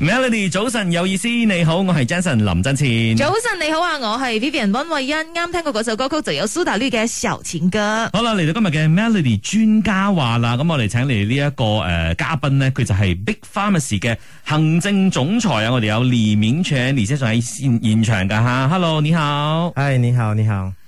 Melody 早晨有意思，你好，我係 Jason 林振前。早晨你好啊，我係 Vivian 溫慧欣。啱聽過嗰首歌曲就有蘇打綠嘅小情歌。好啦，嚟到今日嘅 Melody 專家話啦，咁我哋請嚟呢一個誒、呃、嘉賓咧，佢就係 Big Pharmacy 嘅行政總裁啊，我哋有李明全李先生喺現現場噶吓。Hello，你好。哎，你好，你好。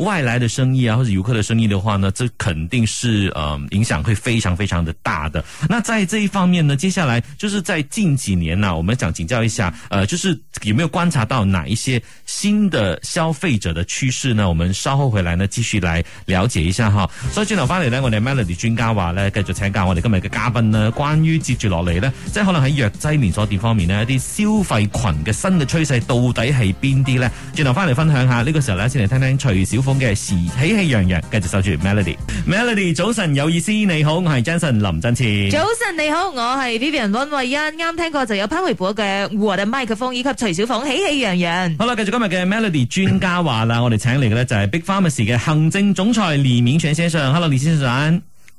外來的生意啊，或者遊客的生意的話呢，這肯定是，嗯、呃，影響會非常非常的大的。那在這一方面呢，接下來就是在近幾年呢、啊，我們想請教一下，呃，就是有沒有觀察到哪一些新的消費者的趨勢呢？我們稍後回來呢，繼續來了解一下哈。所以轉頭翻嚟呢，我哋 Melody 專家話呢，繼續請教我哋今日嘅嘉賓啦，關於接住落嚟呢，即係可能喺藥劑連鎖店方面呢，一啲消費群嘅新嘅趨勢到底係邊啲呢？轉頭翻嚟分享下，呢、這個時候呢，先嚟聽聽徐小嘅喜氣洋洋，繼續守住 Melody，Melody 早晨有意思，你好，我係 Jason 林振前，早晨你好，我係 Vivian 溫慧欣，啱聽過就有潘瑋柏嘅我嘅麥克風，以及徐小鳳喜氣洋洋，好啦，繼續今日嘅 Melody 專家話啦，我哋請嚟嘅咧就係 Big Pharmacy 嘅行政總裁李明全先生，Hello 李先生。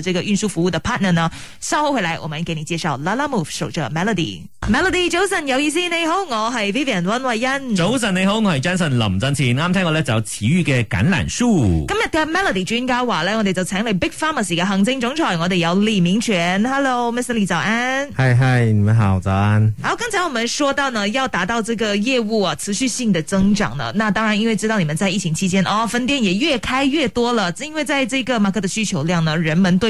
這個運輸服務的 partner 呢？稍後回來，我們給你介紹 Lala Move。La La Move 守着 Melody，Melody 早晨，有意思，你好，我係 Vivian 溫慧英。早晨，你好，我係 Jason 林振前。啱聽過呢，就《齊豫》嘅《橄欖樹》。今日嘅 Melody 專家話呢，我哋就請嚟 Big Pharmacy 嘅行政總裁，我哋有李明權 Hello，Mr. 李，Hello, Lee, 早安。嗨嗨，你們好，早安。好，剛才我們說到呢，要達到這個業務啊持續性的增長呢，那當然因為知道你們在疫情期間哦，分店也越開越多了，因為在這個 market 的需求量呢，人們對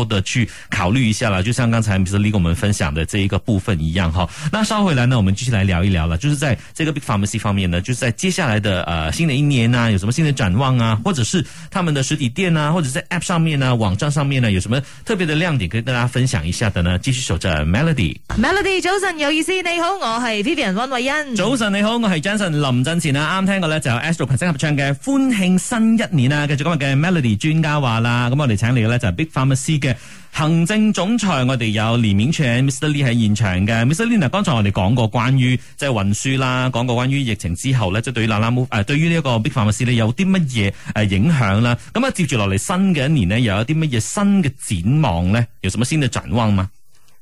多的去考慮一下啦，就像剛才 Mr. Lee 給我們分享的這一個部分一樣哈。那稍後回來呢，我們繼續來聊一聊啦。就是在這個 Big Pharmacy 方面呢，就是在接下來的呃新的一年呢，有什麼新的展望啊，或者是他們的實體店啊，或者在 App 上面呢、網站上面呢，有什麼特別的亮點可以跟大家分享一下的呢？繼續守着 Melody，Melody 早晨有意思，你好，我係 Vivian 温慧欣。早晨你好，我係 Jason 林振前啊。啱聽過咧就有 Astro 群星合唱嘅歡慶新一年啊。繼續今日嘅 Melody 專家話啦，咁我哋請嚟嘅咧就係 Big Pharmacy 嘅。行政總裁，我哋有連綿泉 Mr Lee 喺現場嘅，Mr Lee，剛才我哋講過關於即係運輸啦，講過關於疫情之後咧，即係對於誒，對於呢一個 Big Pharmacy 咧有啲乜嘢誒影響啦。咁啊，接住落嚟新嘅一年呢，又有啲乜嘢新嘅展望咧？有咩新嘅展望嗎？